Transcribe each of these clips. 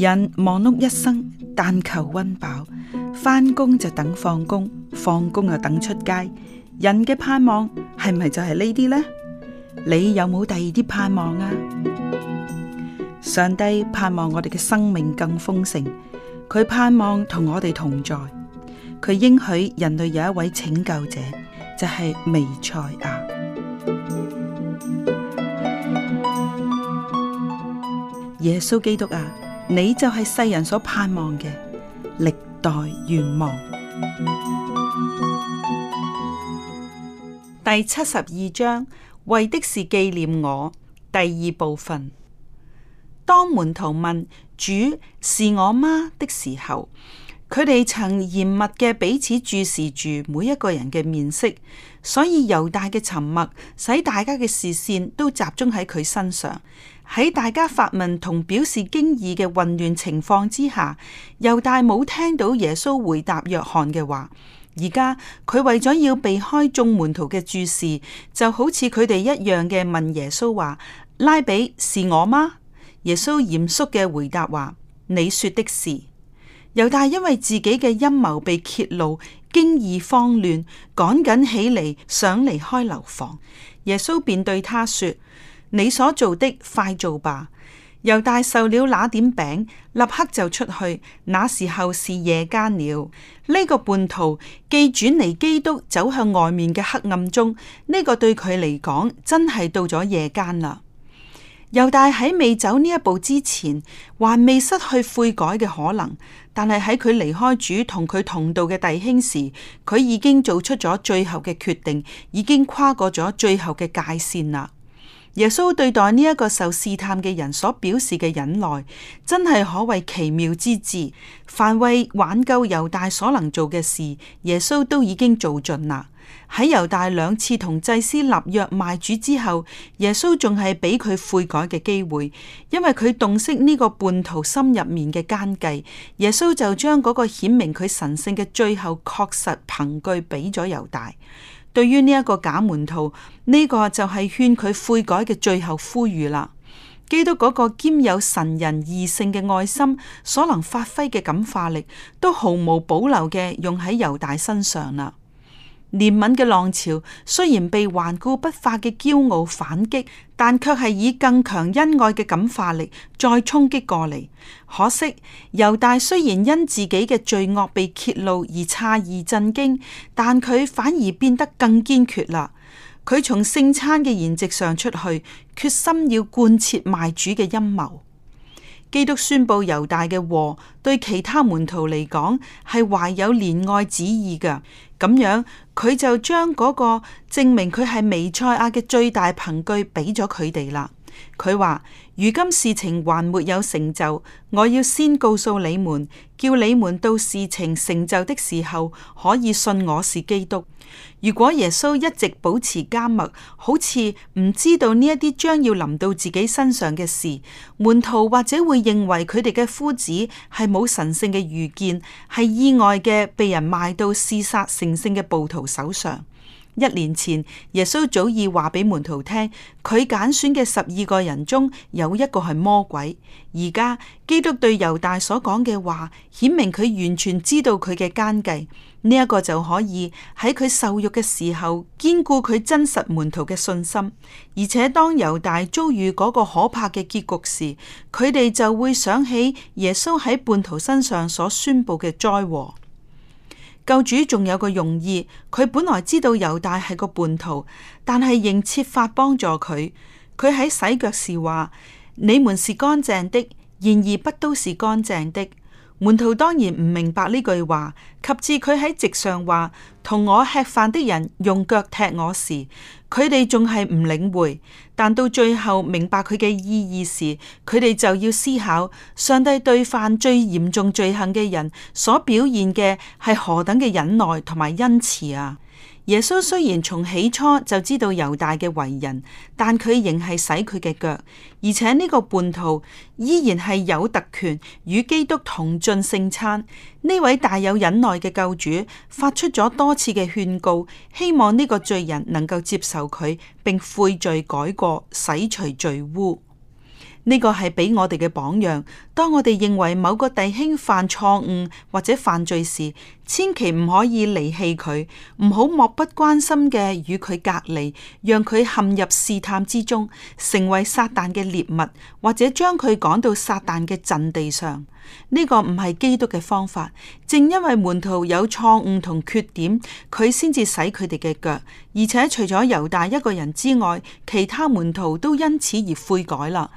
人忙碌一生，但求溫飽，翻工就等放工，放工又等出街。人嘅盼望係咪就係呢啲呢？你有冇第二啲盼望啊？上帝盼望我哋嘅生命更豐盛，佢盼望同我哋同在，佢應許人類有一位拯救者，就係彌賽亞，耶穌基督啊！你就係世人所盼望嘅歷代願望。第七十二章，為的是紀念我，第二部分。當門徒問，主是我嗎的時候，佢哋曾嚴密嘅彼此注視住每一個人嘅面色，所以猶大嘅沉默使大家嘅視線都集中喺佢身上。喺大家發問同表示驚異嘅混亂情況之下，猶大冇聽到耶穌回答約翰嘅話。而家佢為咗要避開眾門徒嘅注視，就好似佢哋一樣嘅問耶穌話：拉比是我嗎？耶穌嚴肅嘅回答話：你說的是。猶大因為自己嘅陰謀被揭露，驚異慌亂，趕緊起嚟想離開樓房。耶穌便對他說。你所做的，快做吧。猶大受了那點餅，立刻就出去。那時候是夜間了。呢、這個叛徒既轉離基督，走向外面嘅黑暗中，呢、這個對佢嚟講真係到咗夜間啦。猶大喺未走呢一步之前，還未失去悔改嘅可能，但係喺佢離開主同佢同道嘅弟兄時，佢已經做出咗最後嘅決定，已經跨過咗最後嘅界線啦。耶穌對待呢一個受試探嘅人所表示嘅忍耐，真係可謂奇妙之至。凡為挽救猶大所能做嘅事，耶穌都已經做盡啦。喺猶大兩次同祭司立約賣主之後，耶穌仲係俾佢悔改嘅機會，因為佢洞悉呢個叛徒心入面嘅奸計。耶穌就將嗰個顯明佢神聖嘅最後確實憑據俾咗猶大。對於呢一個假門徒，呢個就係勸佢悔改嘅最後呼籲啦。基督嗰個兼有神人二性嘅愛心所能發揮嘅感化力，都毫無保留嘅用喺猶大身上啦。憐憫嘅浪潮雖然被頑固不化嘅驕傲反擊，但卻係以更強恩愛嘅感化力再衝擊過嚟。可惜猶大雖然因自己嘅罪惡被揭露而詫異震驚，但佢反而變得更堅決啦。佢從聖餐嘅筵席上出去，決心要貫徹賣主嘅陰謀。基督宣布猶大嘅禍，對其他門徒嚟講係懷有憐愛之意嘅。咁樣佢就將嗰、那個證明佢係彌賽亞嘅最大憑據畀咗佢哋啦。佢話：如今事情還沒有成就，我要先告訴你們，叫你們到事情成就的時候，可以信我是基督。如果耶穌一直保持緘默，好似唔知道呢一啲將要臨到自己身上嘅事，門徒或者會認為佢哋嘅夫子係冇神聖嘅預見，係意外嘅被人賣到嗜殺成性嘅暴徒手上。一年前，耶穌早已話俾門徒聽，佢揀選嘅十二個人中有一個係魔鬼。而家基督對猶大所講嘅話，顯明佢完全知道佢嘅奸計。呢一個就可以喺佢受辱嘅時候，堅固佢真實門徒嘅信心。而且當猶大遭遇嗰個可怕嘅結局時，佢哋就會想起耶穌喺叛徒身上所宣佈嘅災禍。救主仲有個用意，佢本來知道猶大係個叛徒，但係仍設法幫助佢。佢喺洗腳時話：你們是乾淨的，然而不都是乾淨的。門徒當然唔明白呢句話，及至佢喺席上話同我吃飯的人用腳踢我時，佢哋仲係唔領會。但到最後明白佢嘅意義時，佢哋就要思考上帝對犯最嚴重罪行嘅人所表現嘅係何等嘅忍耐同埋恩慈啊！耶穌雖然從起初就知道猶大嘅為人，但佢仍係洗佢嘅腳，而且呢個叛徒依然係有特權與基督同進聖餐。呢位大有忍耐嘅救主，發出咗多次嘅勸告，希望呢個罪人能夠接受佢，並悔罪改過，洗除罪污。呢個係俾我哋嘅榜樣。當我哋認為某個弟兄犯錯誤或者犯罪時，千祈唔可以離棄佢，唔好漠不關心嘅與佢隔離，讓佢陷入試探之中，成為撒旦嘅獵物，或者將佢趕到撒旦嘅陣地上。呢、這個唔係基督嘅方法。正因為門徒有錯誤同缺點，佢先至洗佢哋嘅腳。而且除咗猶大一個人之外，其他門徒都因此而悔改啦。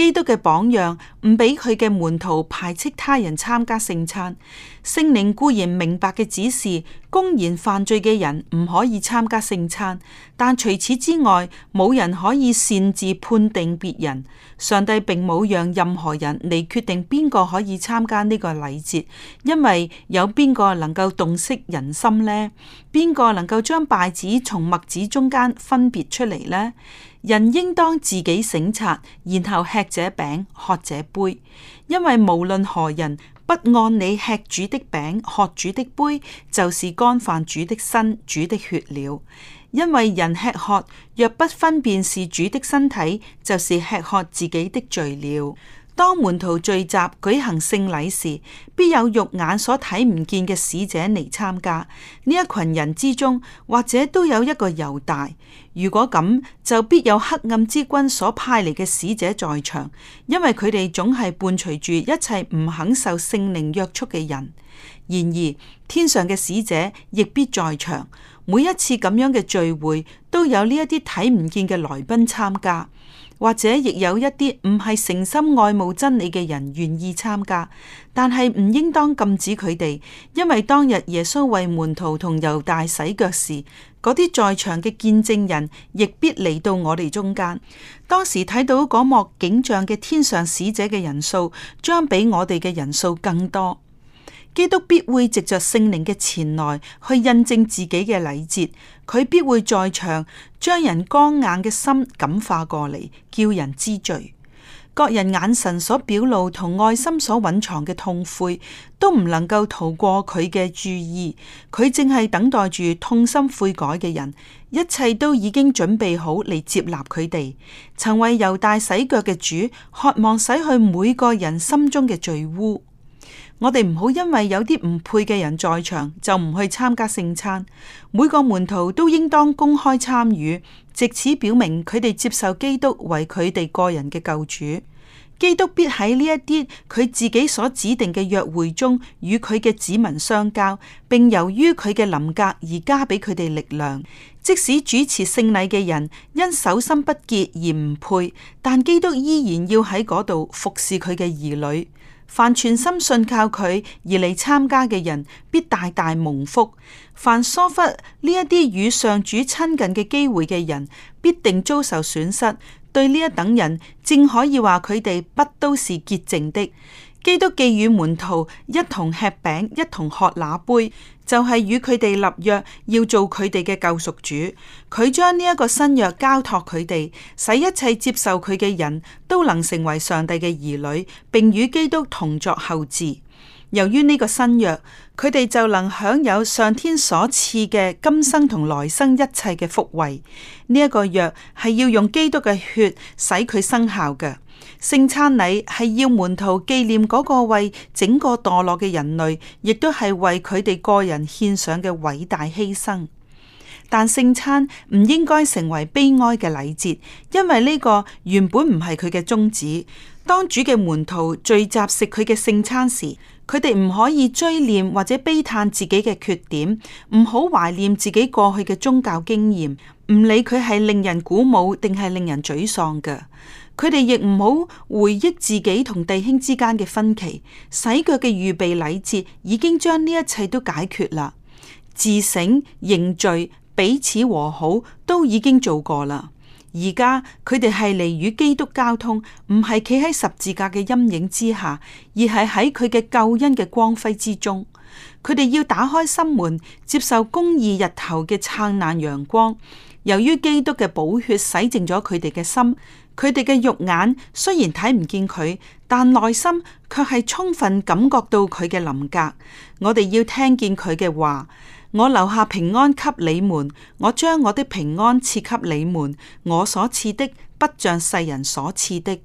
基督嘅榜樣唔俾佢嘅門徒排斥他人參加聖餐。聖靈固然明白嘅指示，公然犯罪嘅人唔可以參加聖餐。但除此之外，冇人可以擅自判定別人。上帝並冇讓任何人嚟決定邊個可以參加呢個禮節，因為有邊個能夠洞悉人心呢？邊個能夠將稗子從麥子中間分別出嚟呢？人應當自己省察，然後吃這餅，喝這杯，因為無論何人不按理吃主的餅、喝主的杯，就是干犯主的身、主的血了。因為人吃喝，若不分辨是主的身體，就是吃喝自己的罪了。當門徒聚集舉行聖禮時，必有肉眼所睇唔見嘅使者嚟參加。呢一群人之中，或者都有一個猶大。如果咁，就必有黑暗之君所派嚟嘅使者在場，因為佢哋總係伴隨住一切唔肯受聖靈約束嘅人。然而，天上嘅使者亦必在場。每一次咁樣嘅聚會，都有呢一啲睇唔見嘅來賓參加。或者亦有一啲唔係誠心愛慕真理嘅人願意參加，但係唔應當禁止佢哋，因為當日耶穌為門徒同猶大洗腳時，嗰啲在場嘅見證人亦必嚟到我哋中間。當時睇到嗰幕景象嘅天上使者嘅人數，將比我哋嘅人數更多。基督必會藉着聖靈嘅前來去印證自己嘅禮節。佢必會在場，將人剛硬嘅心感化過嚟，叫人知罪。各人眼神所表露同愛心所隱藏嘅痛悔，都唔能夠逃過佢嘅注意。佢正係等待住痛心悔改嘅人，一切都已經準備好嚟接納佢哋。曾為猶大洗腳嘅主，渴望洗去每個人心中嘅罪污。我哋唔好因為有啲唔配嘅人在場就唔去參加聖餐。每個門徒都應當公開參與，借此表明佢哋接受基督為佢哋個人嘅救主。基督必喺呢一啲佢自己所指定嘅約會中，與佢嘅子民相交，並由於佢嘅臨格而加俾佢哋力量。即使主持聖禮嘅人因手心不潔而唔配，但基督依然要喺嗰度服侍佢嘅兒女。凡全心信靠佢而嚟參加嘅人，必大大蒙福；凡疏忽呢一啲與上主親近嘅機會嘅人，必定遭受損失。對呢一等人，正可以話佢哋不都是潔淨的。基督寄語門徒一同吃餅，一同喝那杯，就係、是、與佢哋立約，要做佢哋嘅救贖主。佢將呢一個新約交託佢哋，使一切接受佢嘅人都能成為上帝嘅兒女，並與基督同作後嗣。由於呢個新約，佢哋就能享有上天所賜嘅今生同來生一切嘅福惠。呢、這、一個約係要用基督嘅血使佢生效嘅。聖餐禮係要門徒紀念嗰個為整個墮落嘅人類，亦都係為佢哋個人獻上嘅偉大犧牲。但聖餐唔應該成為悲哀嘅禮節，因為呢個原本唔係佢嘅宗旨。當主嘅門徒聚集食佢嘅聖餐時，佢哋唔可以追念或者悲嘆自己嘅缺點，唔好懷念自己過去嘅宗教經驗，唔理佢係令人鼓舞定係令人沮喪㗎。佢哋亦唔好回憶自己同弟兄之間嘅分歧，洗腳嘅預備禮節已經將呢一切都解決啦。自省、認罪、彼此和好都已經做過啦。而家佢哋係嚟與基督交通，唔係企喺十字架嘅陰影之下，而係喺佢嘅救恩嘅光輝之中。佢哋要打開心門，接受公義日頭嘅燦爛陽光。由於基督嘅寶血洗淨咗佢哋嘅心，佢哋嘅肉眼雖然睇唔見佢，但內心卻係充分感覺到佢嘅臨格。我哋要聽見佢嘅話，我留下平安給你們，我將我的平安賜給你們，我所賜的不像世人所賜的。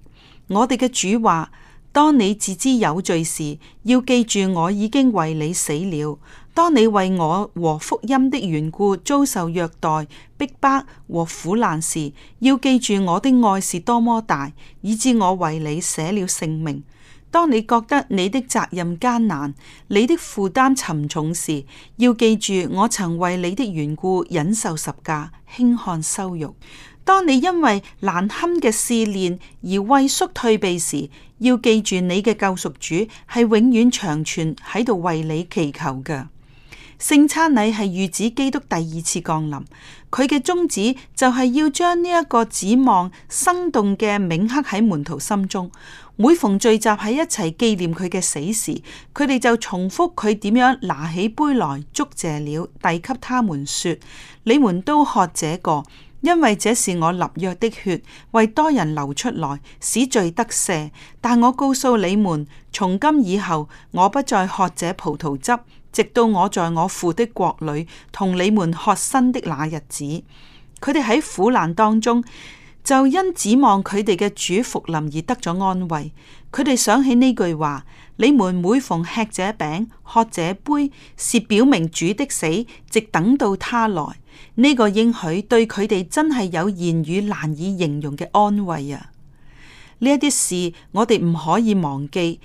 我哋嘅主話：當你自知有罪時，要記住我已經為你死了。當你為我和福音的緣故遭受虐待、逼迫和苦難時，要記住我的愛是多麼大，以致我為你捨了性命。當你覺得你的責任艱難、你的負擔沉重時，要記住我曾為你的緣故忍受十架、輕看羞辱。當你因為難堪嘅試煉而畏縮退避時，要記住你嘅救贖主係永遠長存喺度為你祈求嘅。聖餐禮係預指基督第二次降臨，佢嘅宗旨就係要將呢一個指望生動嘅銘刻喺門徒心中。每逢聚集喺一齊紀念佢嘅死時，佢哋就重複佢點樣拿起杯來，祝謝了，遞給他們說：你們都喝這個，因為這是我立約的血，為多人流出來，使罪得赦。但我告訴你們，從今以後，我不再喝這葡萄汁。直到我在我父的國裏同你們喝新的那日子，佢哋喺苦難當中就因指望佢哋嘅主復臨而得咗安慰。佢哋想起呢句話：你們每逢吃這餅、喝這杯，是表明主的死，直等到他來。呢、這個應許對佢哋真係有言語難以形容嘅安慰啊！呢一啲事我哋唔可以忘記。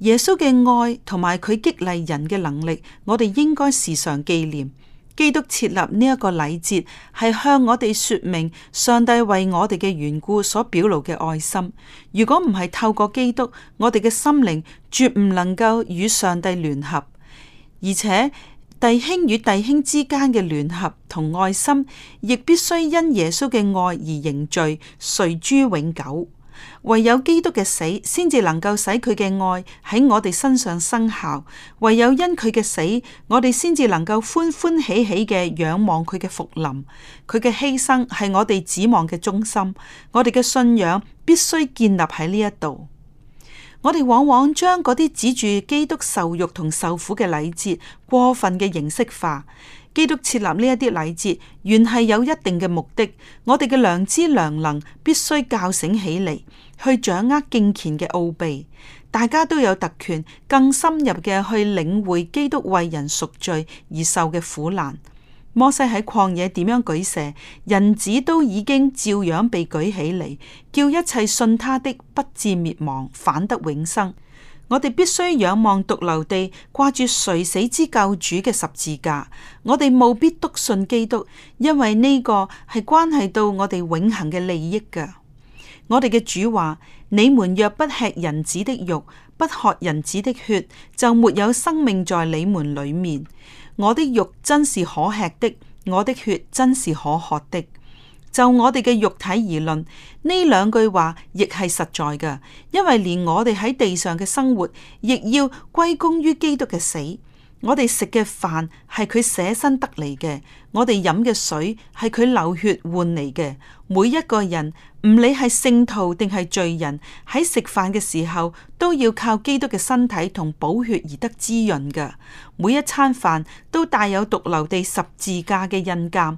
耶穌嘅愛同埋佢激勵人嘅能力，我哋應該時常紀念。基督設立呢一個禮節，係向我哋說明上帝為我哋嘅緣故所表露嘅愛心。如果唔係透過基督，我哋嘅心靈絕唔能夠與上帝聯合，而且弟兄與弟兄之間嘅聯合同愛心，亦必須因耶穌嘅愛而凝聚，垂諸永久。唯有基督嘅死，先至能夠使佢嘅愛喺我哋身上生效。唯有因佢嘅死，我哋先至能夠歡歡喜喜嘅仰望佢嘅福臨。佢嘅犧牲係我哋指望嘅中心，我哋嘅信仰必須建立喺呢一度。我哋往往將嗰啲指住基督受辱同受苦嘅禮節，過分嘅形式化。基督設立呢一啲禮節，原係有一定嘅目的。我哋嘅良知良能必須覺醒起嚟，去掌握敬虔嘅奧秘。大家都有特權，更深入嘅，去領會基督為人贖罪而受嘅苦難。摩西喺曠野點樣舉蛇，人子都已經照樣被舉起嚟，叫一切信他的不致滅亡，反得永生。我哋必須仰望獨留地掛住垂死之救主嘅十字架。我哋務必篤信基督，因為呢個係關係到我哋永恒嘅利益㗎。我哋嘅主話：「你們若不吃人子的肉，不喝人子的血，就沒有生命在你們裏面。」我的肉真是可吃的，我的血真是可喝的。就我哋嘅肉體而論，呢兩句話亦係實在嘅，因為連我哋喺地上嘅生活，亦要歸功於基督嘅死。我哋食嘅飯係佢捨身得嚟嘅，我哋飲嘅水係佢流血換嚟嘅。每一個人，唔理係聖徒定係罪人，喺食飯嘅時候，都要靠基督嘅身體同寶血而得滋潤嘅。每一餐飯都帶有髑髏地十字架嘅印鑒。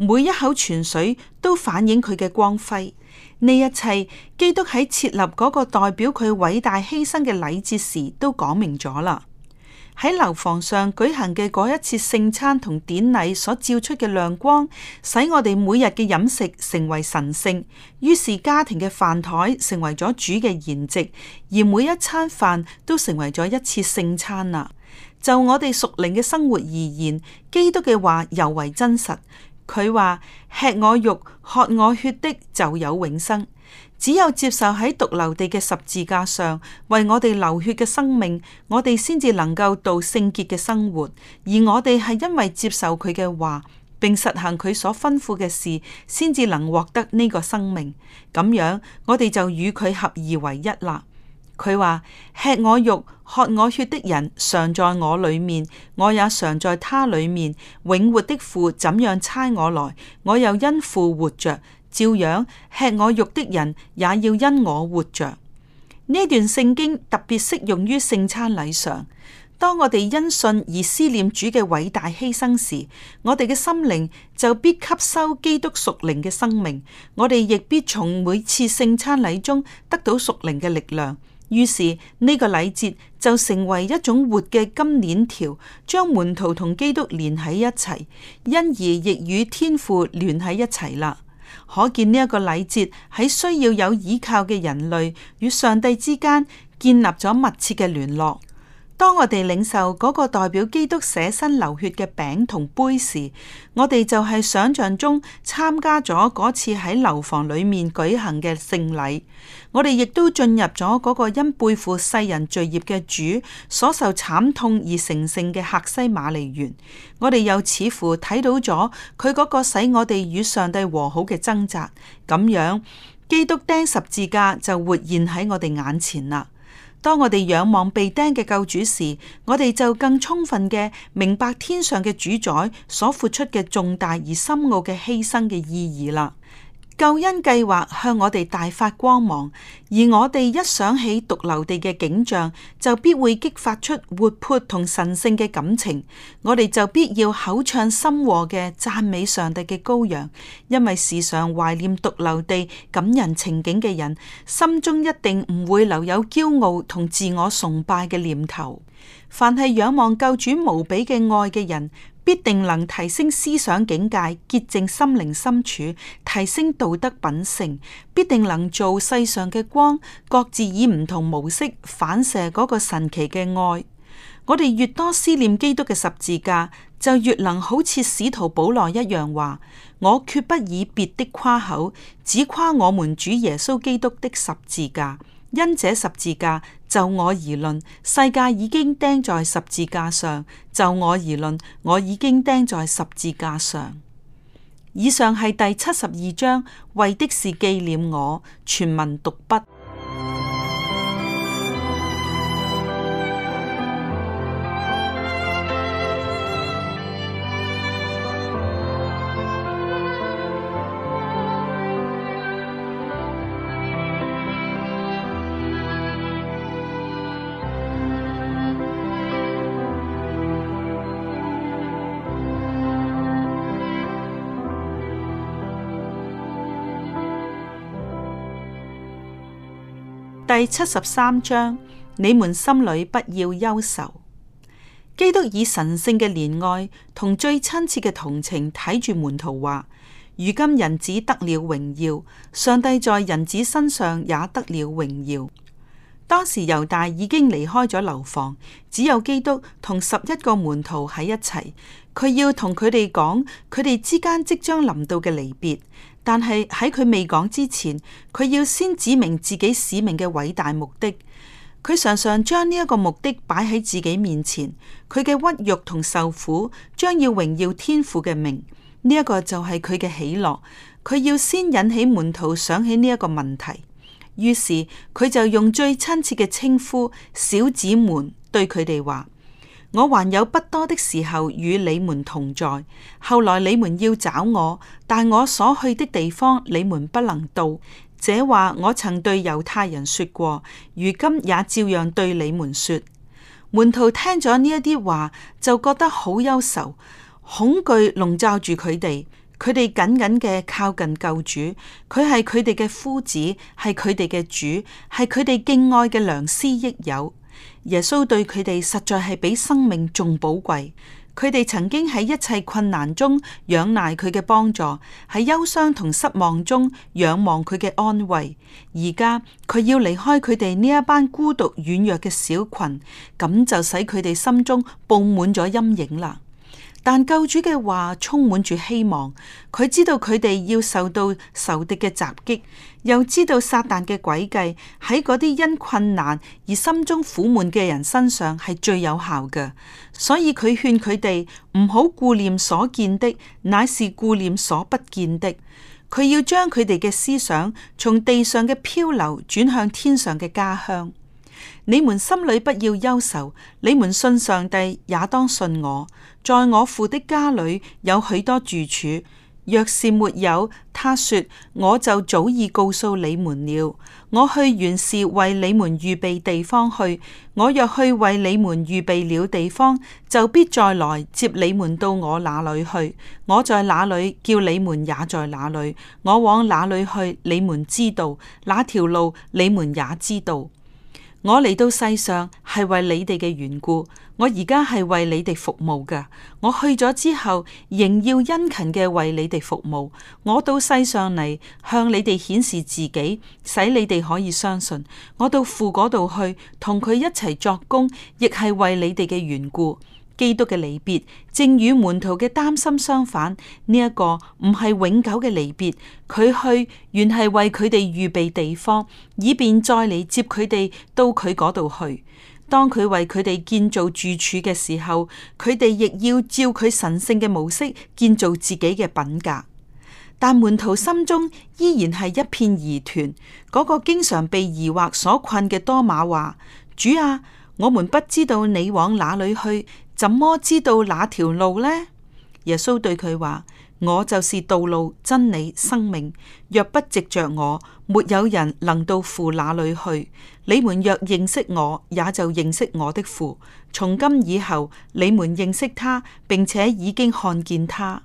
每一口泉水都反映佢嘅光輝。呢一切，基督喺設立嗰個代表佢偉大犧牲嘅禮節時，都講明咗啦。喺樓房上舉行嘅嗰一次聖餐同典禮所照出嘅亮光，使我哋每日嘅飲食成為神聖。於是家庭嘅飯台成為咗主嘅筵席，而每一餐飯都成為咗一次聖餐啦。就我哋屬靈嘅生活而言，基督嘅話尤為真實。佢話：吃我肉、喝我血的就有永生。只有接受喺髑髏地嘅十字架上為我哋流血嘅生命，我哋先至能夠度聖潔嘅生活。而我哋係因為接受佢嘅話並實行佢所吩咐嘅事，先至能獲得呢個生命。咁樣我哋就與佢合二為一啦。佢話：吃我肉、喝我血的人常在我裏面，我也常在他裏面。永活的父怎樣差我來，我又因父活着，照樣吃我肉的人也要因我活着。呢段聖經特別適用於聖餐禮上。當我哋因信而思念主嘅偉大犧牲時，我哋嘅心靈就必吸收基督屬靈嘅生命，我哋亦必從每次聖餐禮中得到屬靈嘅力量。於是呢個禮節就成為一種活嘅金鏈條，將門徒同基督連喺一齊，因而亦與天父連喺一齊啦。可見呢一個禮節喺需要有依靠嘅人類與上帝之間建立咗密切嘅聯絡。當我哋領受嗰個代表基督捨身流血嘅餅同杯時，我哋就係想象中參加咗嗰次喺樓房裏面舉行嘅聖禮。我哋亦都進入咗嗰個因背負世人罪孽嘅主所受慘痛而成聖嘅客西馬尼園。我哋又似乎睇到咗佢嗰個使我哋與上帝和好嘅掙扎。咁樣，基督釘十字架就活現喺我哋眼前啦。當我哋仰望被釘嘅救主時，我哋就更充分嘅明白天上嘅主宰所付出嘅重大而深奧嘅犧牲嘅意義啦。救恩計劃向我哋大發光芒，而我哋一想起髑髏地嘅景象，就必會激發出活潑同神聖嘅感情。我哋就必要口唱心和嘅讚美上帝嘅羔羊，因為時常懷念髑髏地感人情景嘅人，心中一定唔會留有驕傲同自我崇拜嘅念頭。凡係仰望救主無比嘅愛嘅人，必定能提升思想境界，潔淨心靈深處，提升道德品性。必定能做世上嘅光，各自以唔同模式反射嗰個神奇嘅愛。我哋越多思念基督嘅十字架，就越能好似使徒保羅一樣話：我決不以別的誇口，只誇我們主耶穌基督的十字架。因這十字架，就我而論，世界已經釘在十字架上；就我而論，我已經釘在十字架上。以上係第七十二章，為的是紀念我。全文讀畢。第七十三章，你們心裏不要憂愁。基督以神聖嘅憐愛同最親切嘅同情睇住門徒話：如今人子得了榮耀，上帝在人子身上也得了榮耀。當時猶大已經離開咗樓房，只有基督同十一個門徒喺一齊，佢要同佢哋講，佢哋之間即將臨到嘅離別。但係喺佢未講之前，佢要先指明自己使命嘅偉大目的。佢常常將呢一個目的擺喺自己面前，佢嘅屈辱同受苦將要榮耀天父嘅名。呢一個就係佢嘅喜樂。佢要先引起門徒想起呢一個問題，於是佢就用最親切嘅稱呼小子們對佢哋話。我還有不多的時候與你們同在，後來你們要找我，但我所去的地方你們不能到。這話我曾對猶太人說過，如今也照樣對你們說。門徒聽咗呢一啲話，就覺得好憂愁，恐懼籠罩住佢哋。佢哋緊緊嘅靠近救主，佢係佢哋嘅夫子，係佢哋嘅主，係佢哋敬愛嘅良師益友。耶穌對佢哋實在係比生命仲寶貴，佢哋曾經喺一切困難中仰賴佢嘅幫助，喺憂傷同失望中仰望佢嘅安慰，而家佢要離開佢哋呢一班孤獨軟弱嘅小群，咁就使佢哋心中佈滿咗陰影啦。但救主嘅話充滿住希望，佢知道佢哋要受到仇敵嘅襲擊，又知道撒旦嘅詭計喺嗰啲因困難而心中苦悶嘅人身上係最有效嘅，所以佢勸佢哋唔好顧念所見的，乃是顧念所不見的。佢要將佢哋嘅思想從地上嘅漂流轉向天上嘅家鄉。你們心裏不要憂愁。你們信上帝，也當信我。在我父的家裏有許多住處。若是沒有，他說我就早已告訴你們了。我去原是為你們預備地方去。我若去為你們預備了地方，就必再來接你們到我那裏去。我在哪裏，叫你們也在哪裏。我往哪裏去，你們知道。那條路，你們也知道。我嚟到世上係為你哋嘅緣故，我而家係為你哋服務㗎，我去咗之後仍要殷勤嘅為你哋服務。我到世上嚟向你哋顯示自己，使你哋可以相信。我到父嗰度去同佢一齊作工，亦係為你哋嘅緣故。基督嘅離別正與門徒嘅擔心相反，呢、這、一個唔係永久嘅離別，佢去原係為佢哋預備地方，以便再嚟接佢哋到佢嗰度去。當佢為佢哋建造住處嘅時候，佢哋亦要照佢神聖嘅模式建造自己嘅品格。但門徒心中依然係一片疑團。嗰、那個經常被疑惑所困嘅多馬話：主啊，我們不知道你往哪裏去。怎麼知道那條路呢？耶穌對佢話：我就是道路、真理、生命。若不藉著我，沒有人能到父那裏去。你們若認識我，也就認識我的父。從今以後，你們認識他，並且已經看見他。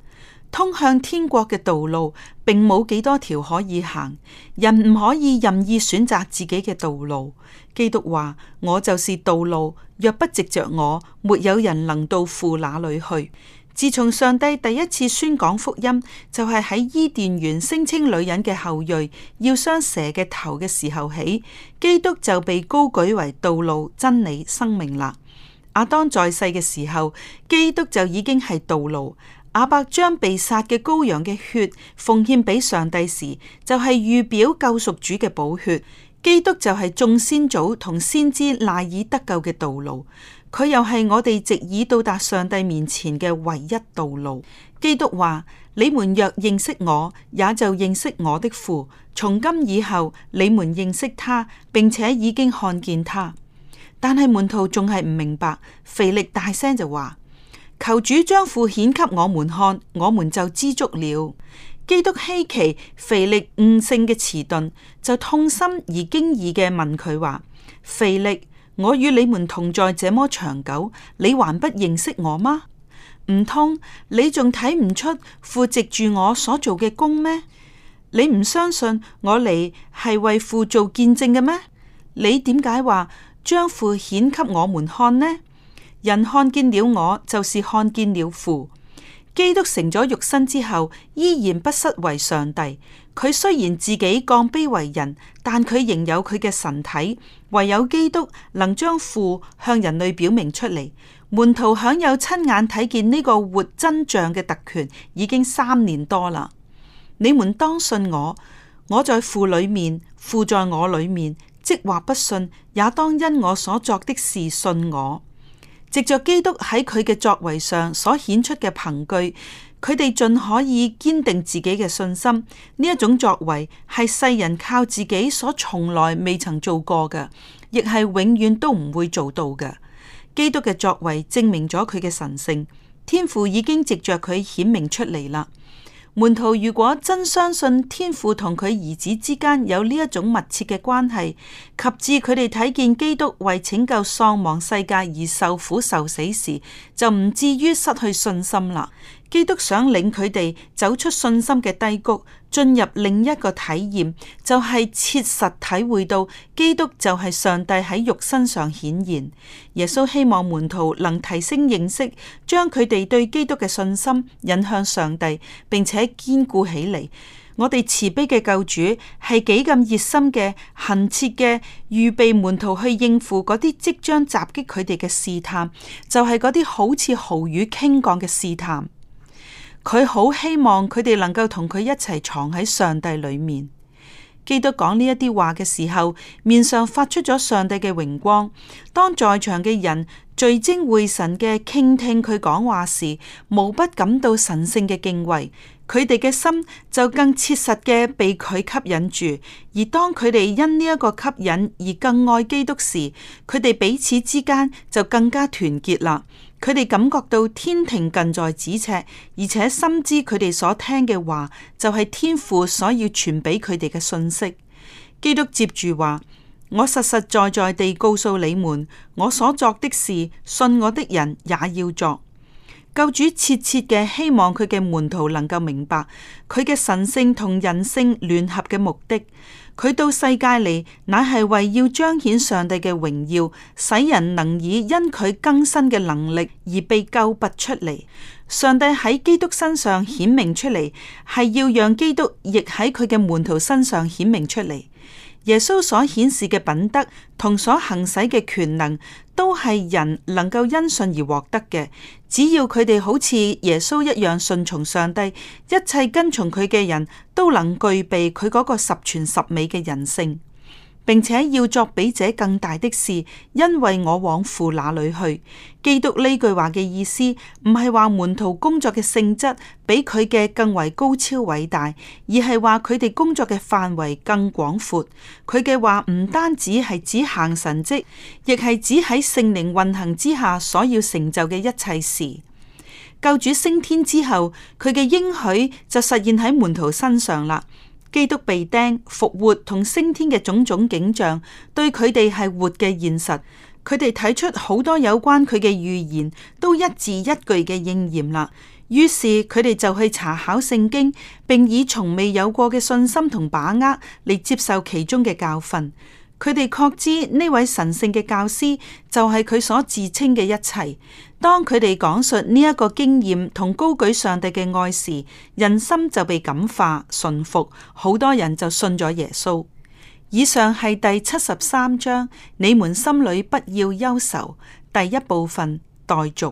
通向天國嘅道路，並冇幾多條可以行，人唔可以任意選擇自己嘅道路。基督話：我就是道路，若不藉着我，沒有人能到父那裏去。自從上帝第一次宣講福音，就係喺伊甸園聲稱女人嘅後裔要傷蛇嘅頭嘅時候起，基督就被高舉為道路、真理、生命啦。亞當在世嘅時候，基督就已經係道路。阿伯將被殺嘅羔羊嘅血奉獻畀上帝時，就係、是、預表救贖主嘅寶血。基督就係眾先祖同先知賴以得救嘅道路，佢又係我哋直以到達上帝面前嘅唯一道路。基督話：你們若認識我，也就認識我的父。從今以後，你們認識他，並且已經看見他。但係門徒仲係唔明白。腓力大聲就話。求主將父顯給我們看，我們就知足了。基督希奇腓力悟性嘅遲鈍，就痛心而驚異嘅問佢話：腓力，我與你們同在這麼長久，你還不認識我嗎？唔通你仲睇唔出父藉住我所做嘅工咩？你唔相信我嚟係為父做見證嘅咩？你點解話將父顯給我們看呢？人看見了我，就是看見了父。基督成咗肉身之後，依然不失為上帝。佢雖然自己降卑為人，但佢仍有佢嘅神體。唯有基督能將父向人類表明出嚟。門徒享有親眼睇見呢個活真像嘅特權，已經三年多啦。你們當信我，我在父裏面，父在我裏面。即或不信，也當因我所作的事信我。藉着基督喺佢嘅作為上所顯出嘅憑據，佢哋盡可以堅定自己嘅信心。呢一種作為係世人靠自己所從來未曾做過嘅，亦係永遠都唔會做到嘅。基督嘅作為證明咗佢嘅神聖，天父已經藉着佢顯明出嚟啦。門徒如果真相信天父同佢兒子之間有呢一種密切嘅關係，及至佢哋睇見基督為拯救喪亡世界而受苦受死時，就唔至於失去信心啦。基督想領佢哋走出信心嘅低谷，進入另一個體驗，就係、是、切實體會到基督就係上帝喺肉身上顯現。耶穌希望門徒能提升認識，將佢哋對基督嘅信心引向上帝，並且堅固起嚟。我哋慈悲嘅救主係幾咁熱心嘅，懇切嘅預備門徒去應付嗰啲即將襲擊佢哋嘅試探，就係嗰啲好似豪雨傾降嘅試探。佢好希望佢哋能夠同佢一齊藏喺上帝裏面。基督講呢一啲話嘅時候，面上發出咗上帝嘅榮光。當在場嘅人聚精會神嘅傾聽佢講話時，無不感到神聖嘅敬畏。佢哋嘅心就更切實嘅被佢吸引住。而當佢哋因呢一個吸引而更愛基督時，佢哋彼此之間就更加團結啦。佢哋感覺到天庭近在咫尺，而且深知佢哋所聽嘅話就係天父所要傳俾佢哋嘅信息。基督接住話：我實實在在地告訴你們，我所作的事，信我的人也要作。救主切切嘅希望，佢嘅門徒能夠明白佢嘅神性同人性聯合嘅目的。佢到世界嚟，乃係為要彰顯上帝嘅榮耀，使人能以因佢更新嘅能力而被救拔出嚟。上帝喺基督身上顯明出嚟，係要讓基督亦喺佢嘅門徒身上顯明出嚟。耶穌所顯示嘅品德同所行使嘅權能，都係人能夠因信而獲得嘅。只要佢哋好似耶穌一樣信從上帝，一切跟從佢嘅人都能具備佢嗰個十全十美嘅人性。並且要作比這更大的事，因為我往父那裏去。基督呢句話嘅意思，唔係話門徒工作嘅性質比佢嘅更為高超偉大，而係話佢哋工作嘅範圍更廣闊。佢嘅話唔單止係指行神跡，亦係指喺聖靈運行之下所要成就嘅一切事。救主升天之後，佢嘅應許就實現喺門徒身上啦。基督被釘、復活同升天嘅種種景象，對佢哋係活嘅現實。佢哋睇出好多有關佢嘅預言，都一字一句嘅應驗啦。於是佢哋就去查考聖經，並以從未有過嘅信心同把握嚟接受其中嘅教訓。佢哋確知呢位神聖嘅教師就係佢所自稱嘅一切。當佢哋講述呢一個經驗同高舉上帝嘅愛時，人心就被感化、馴服，好多人就信咗耶穌。以上係第七十三章，你們心裏不要憂愁。第一部分待續。